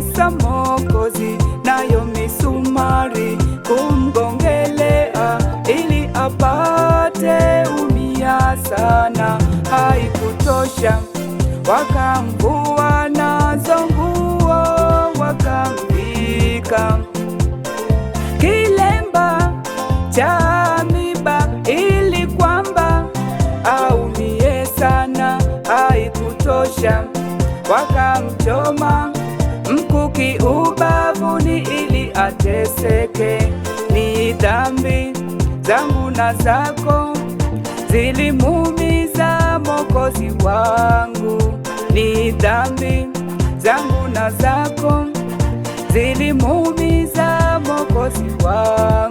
kumtesa Mwokozi, nayo misumari kumgongelea ili apate umia sana. Haikutosha, wakamvua nazo nguo wakamvika kilemba cha miba ili kwamba aumie sana. Haikutosha, wakamchoma haki ubavuni ili ateseke. Ni dhambi zangu na zako zilimuumiza mokozi wangu. Ni dhambi zangu na zako zilimuumiza mokozi wangu.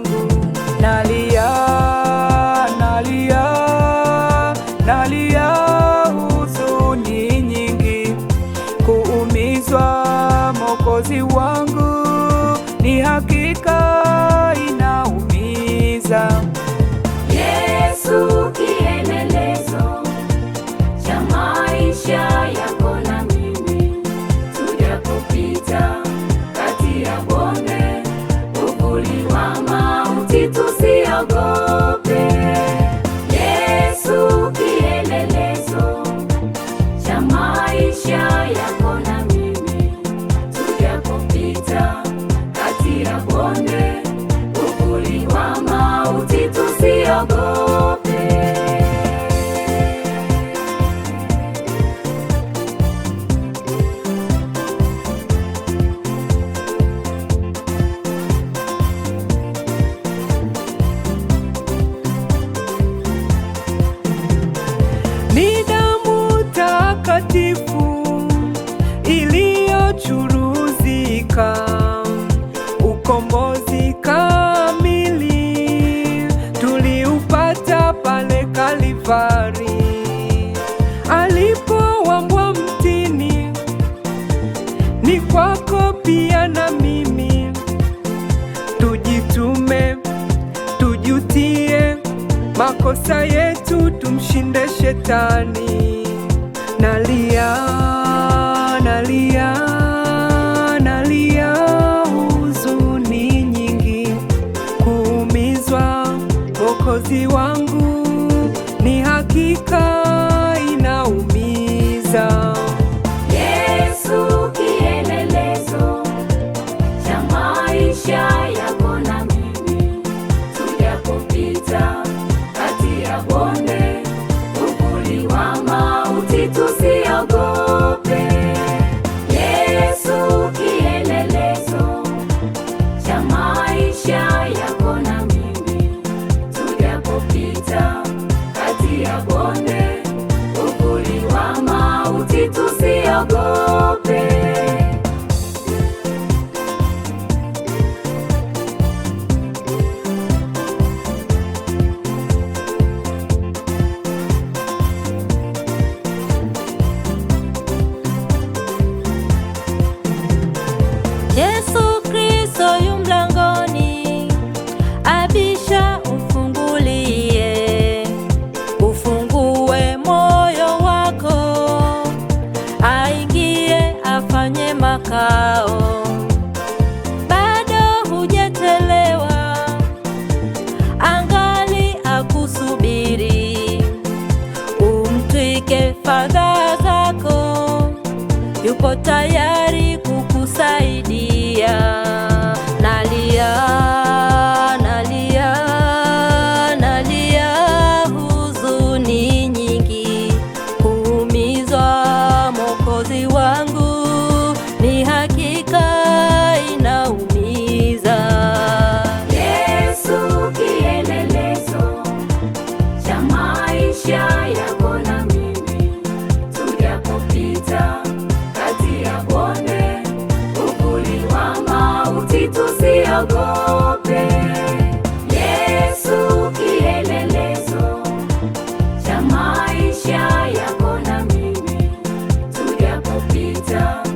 ni damu takatifu iliyochuruzika, ukombozi kamili tuliupata pale kalivari alipowambwa mtini, ni kwako pia na mimi, tujitume tujutie makosa yetu yetu tumshinde shetani. Nalia, nalia, nalia huzuni nyingi, kuumizwa Mwokozi wangu ni hakika inaumiza. Yesu kielelezo cha maisha yako na mimi, tunapopita yupo tayari kukusaidia. usiogope. Yesu kielelezo cha maisha yako na mimi tuliyapopita